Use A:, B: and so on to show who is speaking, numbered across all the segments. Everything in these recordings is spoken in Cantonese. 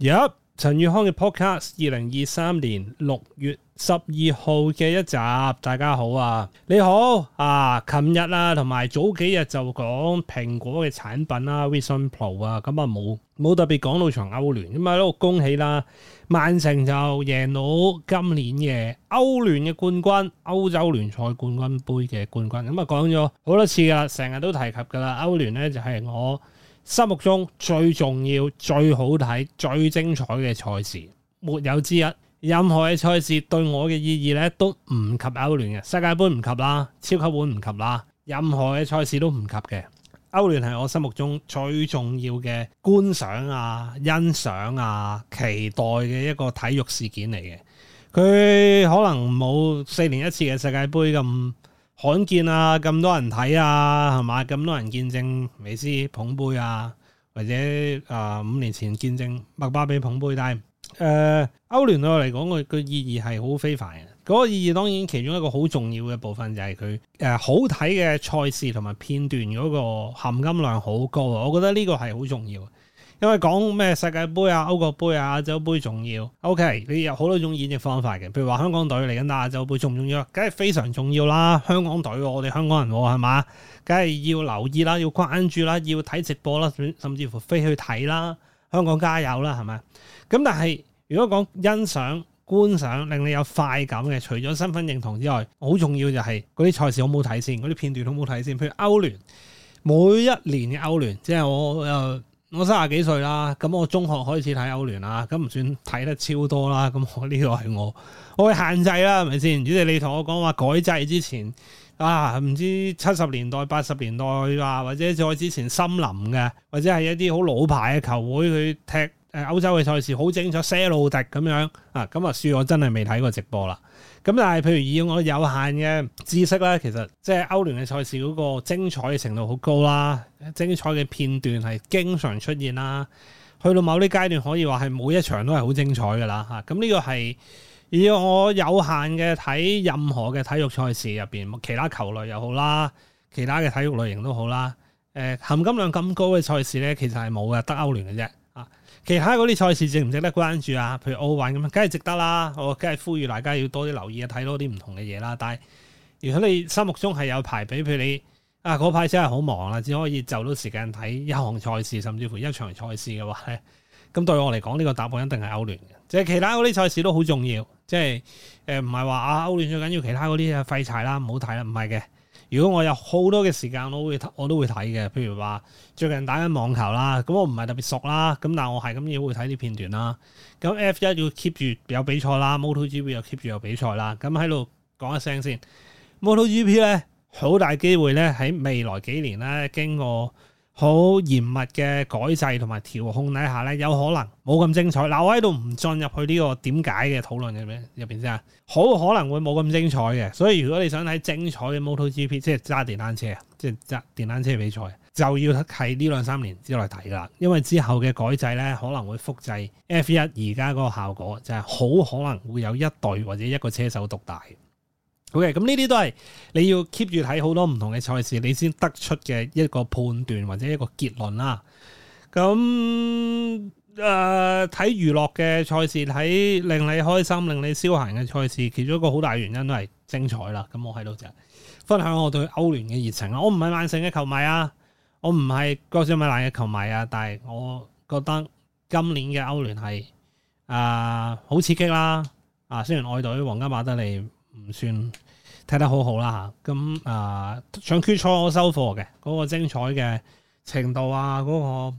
A: 入、yep, 陳宇康嘅 podcast，二零二三年六月十二號嘅一集，大家好啊，你好啊，近日啦，同埋早幾日就講蘋果嘅產品啦、啊，Vision Pro 啊，咁啊冇冇特別講到場歐聯咁啊，喺度恭喜啦，曼城就贏到今年嘅歐聯嘅冠軍，歐洲聯賽冠軍杯嘅冠軍，咁啊講咗好多次噶，成日都提及噶啦，歐聯咧就係、是、我心目中最重要、最好睇、最精彩嘅賽事，沒有之一。任何嘅賽事對我嘅意義咧，都唔及歐聯嘅世界杯唔及啦，超級碗唔及啦，任何嘅賽事都唔及嘅。歐聯係我心目中最重要嘅觀賞啊、欣賞啊、期待嘅一個體育事件嚟嘅。佢可能冇四年一次嘅世界杯咁。罕見啊！咁多人睇啊，係嘛？咁多人見證美斯捧杯啊，或者誒五、呃、年前見證麥巴比捧杯，但係誒、呃、歐聯對我嚟講佢個意義係好非凡嘅。嗰、那個意義當然其中一個好重要嘅部分就係佢誒好睇嘅賽事同埋片段嗰個含金量好高啊！我覺得呢個係好重要。因為講咩世界盃啊、歐國盃啊、亞洲盃重要？OK，你有好多種演繹方法嘅，譬如話香港隊嚟緊打亞洲盃重唔重要？梗係非常重要啦！香港隊、啊，我哋香港人係、啊、嘛，梗係要留意啦、要關注啦、要睇直播啦，甚至乎飛去睇啦！香港加油啦，係咪？咁但係如果講欣賞觀賞令你有快感嘅，除咗身份認同之外，好重要就係嗰啲賽事好唔好睇先，嗰啲片段好唔好睇先。譬如歐聯，每一年嘅歐聯，即係我誒。我三十幾歲啦，咁我中學開始睇歐聯啦，咁唔算睇得超多啦，咁我呢個係我，我會限制啦，係咪先？如果你同我講話改制之前，啊，唔知七十年代、八十年代啊，或者再之前森林嘅，或者係一啲好老牌嘅球會去踢。誒，歐洲嘅賽事好精彩，些路迪咁樣啊，咁啊恕我真係未睇過直播啦。咁但係，譬如以我有限嘅知識咧，其實即係歐聯嘅賽事嗰個精彩嘅程度好高啦，精彩嘅片段係經常出現啦。去到某啲階段，可以話係每一場都係好精彩噶啦。吓、啊，咁呢個係以我有限嘅睇任何嘅體育賽事入邊，其他球類又好啦，其他嘅體育類型都好啦，誒、啊，含金量咁高嘅賽事咧，其實係冇嘅，得歐聯嘅啫。其他嗰啲賽事值唔值得關注啊？譬如奧運咁梗係值得啦。我梗係呼籲大家要多啲留意啊，睇多啲唔同嘅嘢啦。但係如果你心目中係有排比，譬如你啊嗰排真係好忙啦，只可以就到時間睇一項賽事，甚至乎一場賽事嘅話咧，咁、嗯、對我嚟講，呢、呢個答案一定係歐聯嘅。即係其他嗰啲賽事都好重要，即係誒唔係話啊歐聯最緊要，其他嗰啲啊廢柴啦，唔好睇啦，唔係嘅。如果我有好多嘅時間，我會我都會睇嘅。譬如話最近打緊網球啦，咁我唔係特別熟啦，咁但係我係咁嘢會睇啲片段啦。咁 F1 要 keep 住有比賽啦，MotoGP 又 keep 住有比賽啦。咁喺度講一聲先，MotoGP 咧好大機會咧喺未來幾年咧經過。好嚴密嘅改制同埋調控底下咧，有可能冇咁精彩。嗱，我喺度唔進入去呢個點解嘅討論嘅咩入邊先啊，好可能會冇咁精彩嘅。所以如果你想睇精彩嘅 MotoGP，即係揸電單車啊，即係揸電單車比賽，就要喺呢兩三年之內睇啦。因為之後嘅改制咧，可能會複製 F1 而家嗰個效果，就係、是、好可能會有一隊或者一個車手獨大。Ok，咁呢啲都係你要 keep 住睇好多唔同嘅賽事，你先得出嘅一個判斷或者一個結論啦、啊。咁、嗯、誒，睇娛樂嘅賽事，睇令你開心、令你消閒嘅賽事，其中一個好大原因都係精彩啦。咁、嗯、我喺度就分享我對歐聯嘅熱情啦。我唔係曼城嘅球迷啊，我唔係國少米蘭嘅球迷啊，但係我覺得今年嘅歐聯係誒好刺激啦。啊，雖然愛隊皇家馬德里。唔算踢得好好啦，嚇，咁、嗯、啊，上決賽我收貨嘅嗰個精彩嘅程度啊，嗰、那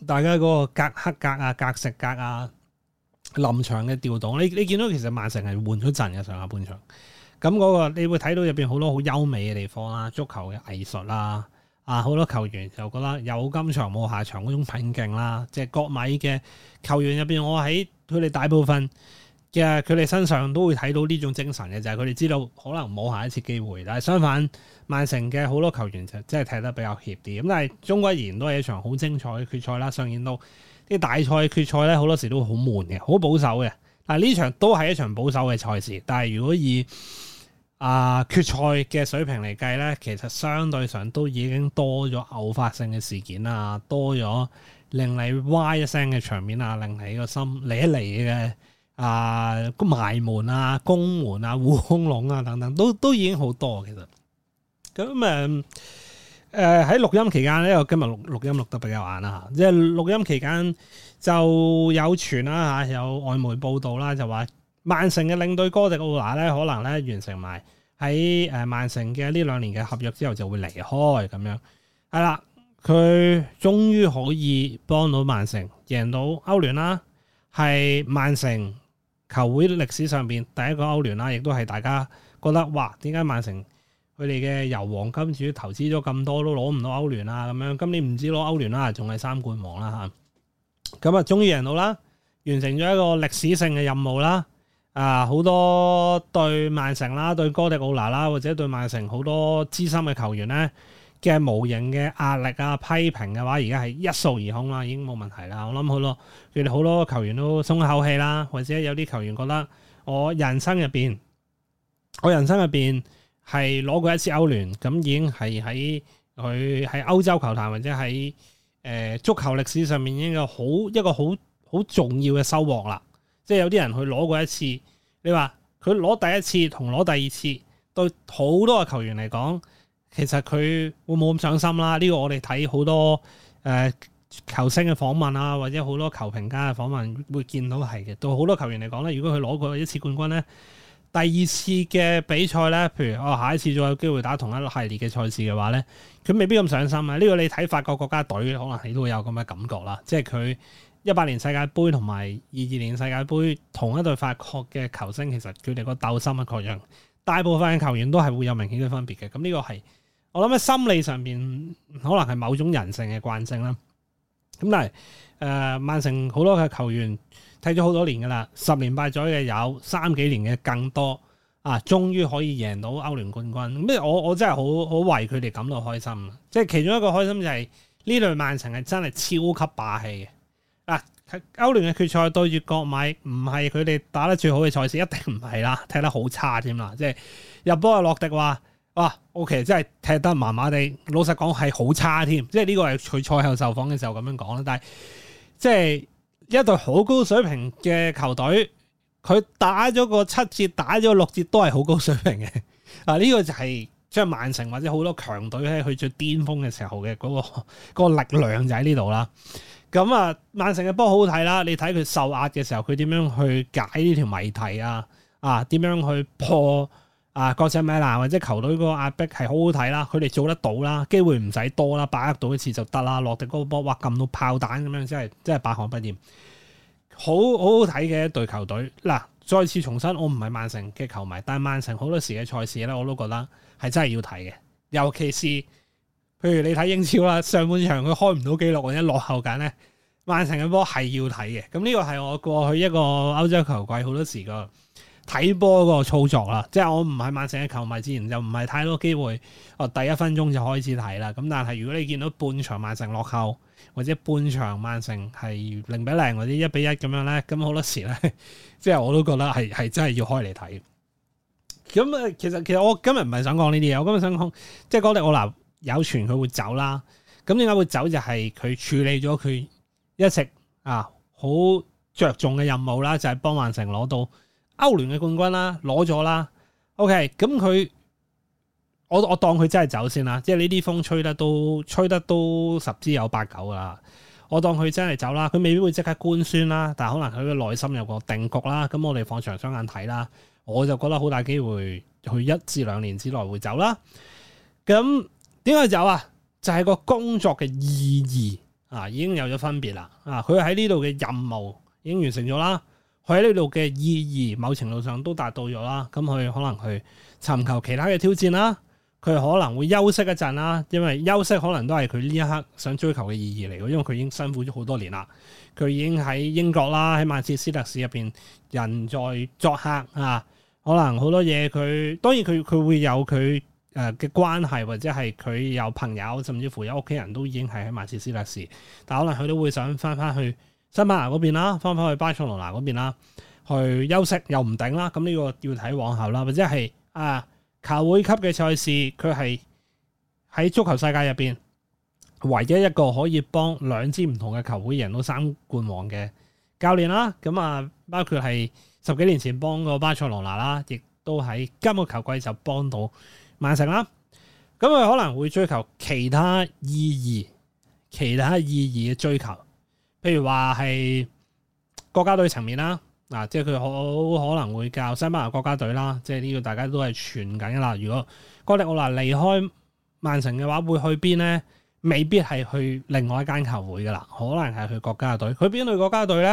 A: 個、大家嗰個格克格啊、格食格啊、臨場嘅調動，你你見到其實曼城係換咗陣嘅上下半場，咁、那、嗰個你會睇到入邊好多好優美嘅地方啦、啊，足球嘅藝術啦、啊，啊好多球員就覺得有今場冇下場嗰種品勁啦、啊，即、就、係、是、國米嘅球員入邊，我喺佢哋大部分嘅佢哋身上都會睇到呢種精神嘅，就係佢哋知道可能冇下一次機會。但係相反，曼城嘅好多球員就真係踢得比較協啲。咁。但係，總歸而言都係一場好精彩嘅決賽啦。上演到啲大賽決賽咧，好多時都好悶嘅，好保守嘅。但係呢場都係一場保守嘅賽事。但係如果以啊、呃、決賽嘅水平嚟計咧，其實相對上都已經多咗偶發性嘅事件啊，多咗令你哇一聲嘅場面啊，令你個心離一離嘅。啊，埋門啊，攻門啊，護空籠啊，等等，都都已經好多其實。咁、嗯、誒，誒喺錄音期間咧，我今日錄錄音錄得比較晏啦、啊，即係錄音期間就有傳啦吓，有外媒報道啦，就話曼城嘅領隊哥迪奧拿咧，可能咧完成埋喺誒曼城嘅呢兩年嘅合約之後就會離開咁樣。係、嗯、啦，佢終於可以幫到曼城贏到歐聯啦，係曼城球會歷史上邊第一個歐聯啦，亦都係大家覺得，哇！點解曼城佢哋嘅油王金主投資咗咁多都攞唔到歐聯啦、啊？咁樣今年唔止攞歐聯啦，仲係三冠王啦、啊、嚇！咁啊，終於贏到啦，完成咗一個歷史性嘅任務啦！啊、呃，好多對曼城啦，對哥迪奧拿啦，或者對曼城好多資深嘅球員咧，嘅無形嘅壓力啊、批評嘅話，而家係一掃而空啦，已經冇問題啦。我諗好多，佢哋好多球員都鬆一口氣啦，或者有啲球員覺得我人生入邊，我人生入邊係攞過一次歐聯，咁已經係喺佢喺歐洲球壇或者喺誒、呃、足球歷史上面已經有好一個好好重要嘅收穫啦。即係有啲人去攞過一次，你話佢攞第一次同攞第二次，對好多嘅球員嚟講。其實佢會冇咁上心啦，呢、這個我哋睇好多誒、呃、球星嘅訪問啊，或者好多球評家嘅訪問會見到係嘅。對好多球員嚟講咧，如果佢攞過一次冠軍咧，第二次嘅比賽咧，譬如我下一次再有機會打同一系列嘅賽事嘅話咧，佢未必咁上心啊。呢、這個你睇法國國家隊，可能你都會有咁嘅感覺啦。即係佢一八年世界盃同埋二二年世界盃同一隊法國嘅球星，其實佢哋個鬥心嘅各樣。大部分嘅球員都係會有明顯嘅分別嘅，咁、這、呢個係我諗喺心理上面可能係某種人性嘅慣性啦。咁但係誒、呃，曼城好多嘅球員睇咗好多年㗎喇，十年敗咗嘅有三幾年嘅更多啊，終於可以贏到歐聯冠軍。咩？我我真係好好為佢哋感到開心，即係其中一個開心就係呢隊曼城係真係超級霸氣嘅。歐聯嘅決賽對住國米，唔係佢哋打得最好嘅賽事，一定唔係啦，踢得好差添啦。即係入波阿洛迪話：，哇，O.K.，真係踢得麻麻地。老實講係好差添。即係呢個係佢賽後受訪嘅時候咁樣講啦。但係即係一隊好高水平嘅球隊，佢打咗個七節，打咗六節都係好高水平嘅。啊，呢、這個就係即係曼城或者好多強隊喺佢最巔峰嘅時候嘅嗰、那個、那個那個力量就喺呢度啦。咁啊，曼城嘅波好好睇啦！你睇佢受壓嘅時候，佢點樣去解呢條謎題啊？啊，點樣去破啊？國際米蘭或者球隊個壓迫係好好睇啦！佢哋做得到啦，機會唔使多啦，把握到一次就得啦。落地嗰波哇，咁多炮彈咁樣，真係真係百看不厭，好好好睇嘅一隊球隊。嗱、啊，再次重申，我唔係曼城嘅球迷，但係曼城好多時嘅賽事咧，我都覺得係真係要睇嘅，尤其是。譬如你睇英超啦，上半場佢開唔到記錄或者落後緊咧，曼城嘅波係要睇嘅。咁呢個係我過去一個歐洲球季好多時個睇波個操作啦。即係我唔係曼城嘅球迷之前，自然就唔係太多機會。哦，第一分鐘就開始睇啦。咁但係如果你見到半場曼城落後或者半場曼城係零比零或者一比一咁樣咧，咁好多時咧， 即係我都覺得係係真係要開嚟睇。咁啊，其實其實我今日唔係想講呢啲嘢，我今日想講即係講啲我嗱。有傳佢會走啦，咁點解會走就係、是、佢處理咗佢一直啊好着重嘅任務啦，就係幫曼城攞到歐聯嘅冠軍啦，攞咗啦。OK，咁佢我我當佢真係走先啦，即係呢啲風吹得都吹得都十之有八九啦。我當佢真係走啦，佢未必會即刻官宣啦，但係可能佢嘅內心有個定局啦。咁我哋放長雙眼睇啦，我就覺得好大機會，佢一至兩年之內會走啦。咁。點解走啊？就係、是、個工作嘅意義啊，已經有咗分別啦。啊，佢喺呢度嘅任務已經完成咗啦，佢喺呢度嘅意義，某程度上都達到咗啦。咁佢可能去尋求其他嘅挑戰啦，佢可能會休息一陣啦，因為休息可能都係佢呢一刻想追求嘅意義嚟嘅，因為佢已經辛苦咗好多年啦。佢已經喺英國啦，喺曼徹斯特市入邊人在作客啊，可能好多嘢佢，當然佢佢會有佢。誒嘅、呃、關係，或者係佢有朋友，甚至乎有屋企人都已經係喺馬切斯勒士，但可能佢都會想翻翻去西班牙嗰邊啦，翻翻去巴塞羅那嗰邊啦，去休息又唔頂啦。咁、這、呢個要睇往後啦，或者係啊球會級嘅賽事，佢係喺足球世界入邊唯一一個可以幫兩支唔同嘅球會人都三冠王嘅教練啦。咁啊，包括係十幾年前幫過巴塞羅那啦，亦都喺今個球季就幫到。曼城啦，咁佢可能會追求其他意義，其他意義嘅追求，譬如話係國家隊層面啦，啊，即係佢好可能會教西班牙國家隊啦，即係呢個大家都係傳緊噶啦。如果哥迪奧拿離開曼城嘅話，會去邊咧？未必係去另外一間球會噶啦，可能係去國家隊，去邊類國家隊咧？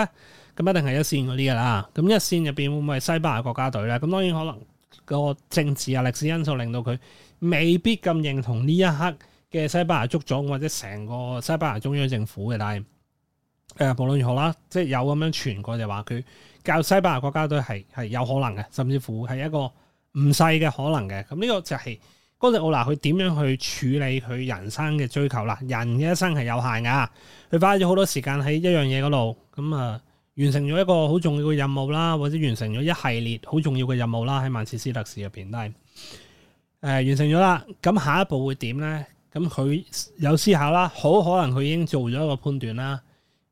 A: 咁一定係一線嗰啲噶啦，咁一線入邊會唔會係西班牙國家隊咧？咁當然可能。個政治啊、歷史因素令到佢未必咁認同呢一刻嘅西班牙足總，或者成個西班牙中央政府嘅。但係誒、呃，無論如何啦，即係有咁樣傳過就話佢教西班牙國家隊係係有可能嘅，甚至乎係一個唔細嘅可能嘅。咁呢個就係哥迪奧拿佢點樣去處理佢人生嘅追求啦。人嘅一生係有限噶，佢花咗好多時間喺一樣嘢嗰度，咁啊。呃完成咗一個好重要嘅任務啦，或者完成咗一系列好重要嘅任務啦，喺曼徹斯特市入邊，但係誒、呃、完成咗啦，咁下一步會點咧？咁佢有思考啦，好可能佢已經做咗一個判斷啦。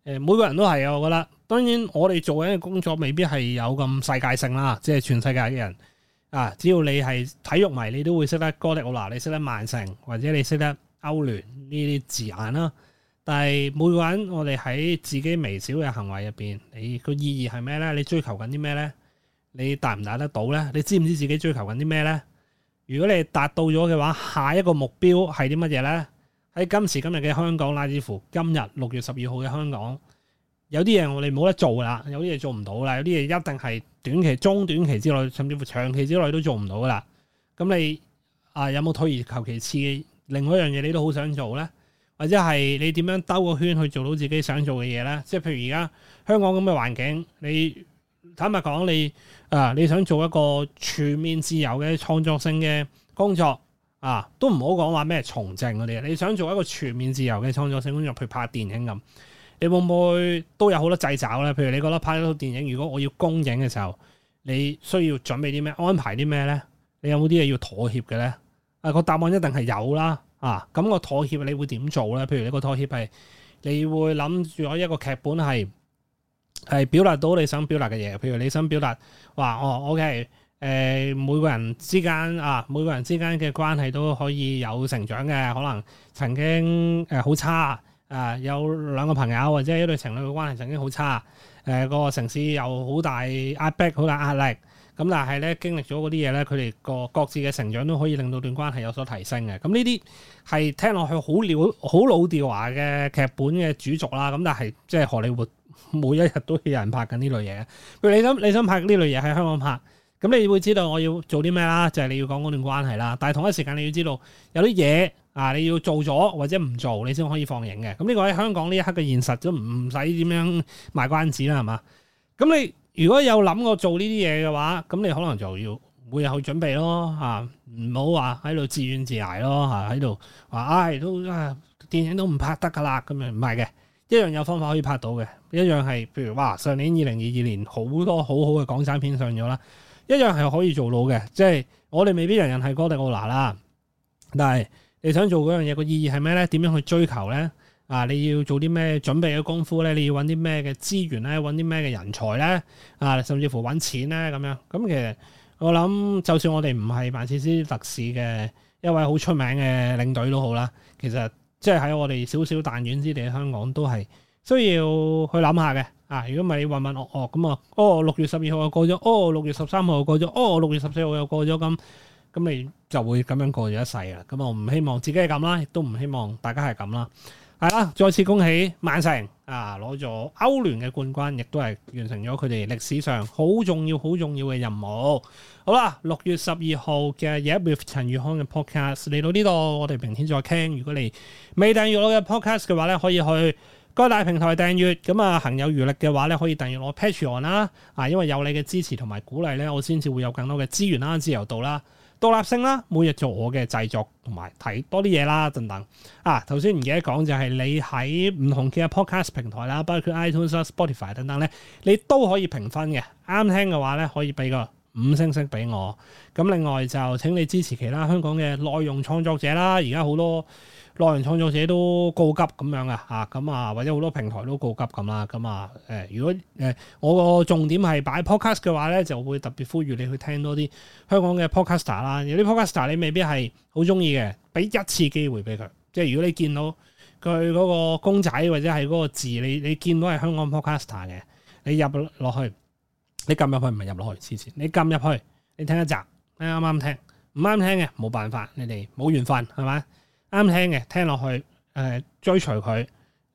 A: 誒、呃，每個人都係啊，我覺得，當然我哋做緊嘅工作未必係有咁世界性啦，即係全世界嘅人啊，只要你係體育迷，你都會識得哥迪奧拿，你識得曼城，或者你識得歐聯呢啲字眼啦。但係每個人，我哋喺自己微小嘅行為入邊，你個意義係咩咧？你追求緊啲咩咧？你達唔達得到咧？你知唔知自己追求緊啲咩咧？如果你達到咗嘅話，下一個目標係啲乜嘢咧？喺今時今日嘅香港，乃至乎今日六月十二號嘅香港，有啲嘢我哋冇得做啦，有啲嘢做唔到啦，有啲嘢一定係短期、中短期之內，甚至乎長期之內都做唔到噶啦。咁你啊有冇退而求其次嘅？另外一樣嘢你都好想做咧？或者係你點樣兜個圈去做到自己想做嘅嘢呢？即係譬如而家香港咁嘅環境，你坦白講，你啊你想做一個全面自由嘅創作性嘅工作啊，都唔好講話咩從政嗰啲。你想做一個全面自由嘅創作性工作，譬如拍電影咁，你會唔會都有好多掣肘呢？譬如你覺得拍一套電影，如果我要公映嘅時候，你需要準備啲咩？安排啲咩呢？你有冇啲嘢要妥協嘅呢？啊、個答案一定係有啦。啊，咁個妥協你會點做咧？譬如一個妥協係，你會諗住咗一個劇本係係表達到你想表達嘅嘢。譬如你想表達話，哦，OK，誒、呃，每個人之間啊，每個人之間嘅關係都可以有成長嘅。可能曾經誒好差啊、呃，有兩個朋友或者一對情侶嘅關係曾經好差，誒、呃嗰個城市有好大壓迫、好大壓力。咁但係咧經歷咗嗰啲嘢咧，佢哋個各自嘅成長都可以令到段關係有所提升嘅。咁呢啲係聽落去好老好老調話嘅劇本嘅主軸啦。咁、嗯、但係即係荷里活每一日都有人拍緊呢類嘢。譬如你想你想拍呢類嘢喺香港拍，咁、嗯、你會知道我要做啲咩啦，就係、是、你要講段關係啦。但係同一時間你要知道有啲嘢啊，你要做咗或者唔做，你先可以放映嘅。咁、嗯、呢、這個喺香港呢一刻嘅現實都唔使點樣賣關子啦，係嘛？咁、嗯、你。如果有諗過做呢啲嘢嘅話，咁你可能就要每日去準備咯，吓唔好話喺度自怨自艾咯，吓喺度話，唉都啊電影都唔拍得噶啦，咁樣唔係嘅，一樣有方法可以拍到嘅，一樣係譬如哇上年二零二二年好多好好嘅港產片上咗啦，一樣係可以做到嘅，即係我哋未必人人係哥迪奧拿啦，但係你想做嗰樣嘢個意義係咩咧？點樣去追求咧？啊！你要做啲咩準備嘅功夫咧？你要揾啲咩嘅資源咧？揾啲咩嘅人才咧？啊，甚至乎揾錢咧咁樣。咁、嗯、其實我諗，就算我哋唔係辦少少特使嘅一位好出名嘅領隊都好啦。其實即係喺我哋少少彈丸之地香港，都係需要去諗下嘅。啊，如果唔係你渾渾噩噩咁啊，哦六、哦、月十二號又過咗，哦六月十三號又過咗，哦六月十四號又過咗咁，咁你就會咁樣過咗一世啦！咁我唔希望自己係咁啦，亦都唔希望大家係咁啦。係啦，再次恭喜曼城啊，攞咗歐聯嘅冠軍，亦都係完成咗佢哋歷史上好重要、好重要嘅任務。好啦，六月十二號嘅《夜與陳宇康嘅 Podcast》嚟到呢度，我哋明天再傾。如果你未訂閱我嘅 Podcast 嘅話咧，可以去各大平台訂閱。咁啊，行有餘力嘅話咧，可以訂閱我 Patreon 啦。啊，因為有你嘅支持同埋鼓勵咧，我先至會有更多嘅資源啦、自由度啦。獨立性啦，每日做我嘅製作同埋睇多啲嘢啦，等等啊！頭先唔記得講就係你喺唔同嘅 podcast 平台啦，包括 iTunes、Spotify 等等咧，你都可以評分嘅。啱聽嘅話咧，可以俾個五星星俾我，咁另外就請你支持其他香港嘅內容創作者啦。而家好多內容創作者都告急咁樣啊，嚇咁啊，或者好多平台都告急咁啦，咁啊誒，如果誒、呃、我個重點係擺 podcast 嘅話咧，就會特別呼籲你去聽多啲香港嘅 podcaster 啦。有啲 podcaster 你未必係好中意嘅，俾一次機會俾佢。即係如果你見到佢嗰個公仔或者係嗰個字，你你見到係香港 podcaster 嘅，你入落去。你撳入去唔係入落去，黐線！你撳入去，你聽一集，啱啱聽，唔啱聽嘅冇辦法，你哋冇緣分，係咪？啱聽嘅聽落去，誒、呃、追隨佢，誒、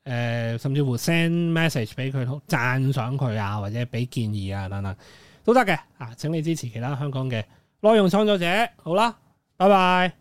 A: 呃、甚至乎 send message 俾佢，好讚賞佢啊，或者俾建議啊，等等，等，等都得嘅啊！請你支持其他香港嘅內容創作者，好啦，拜拜。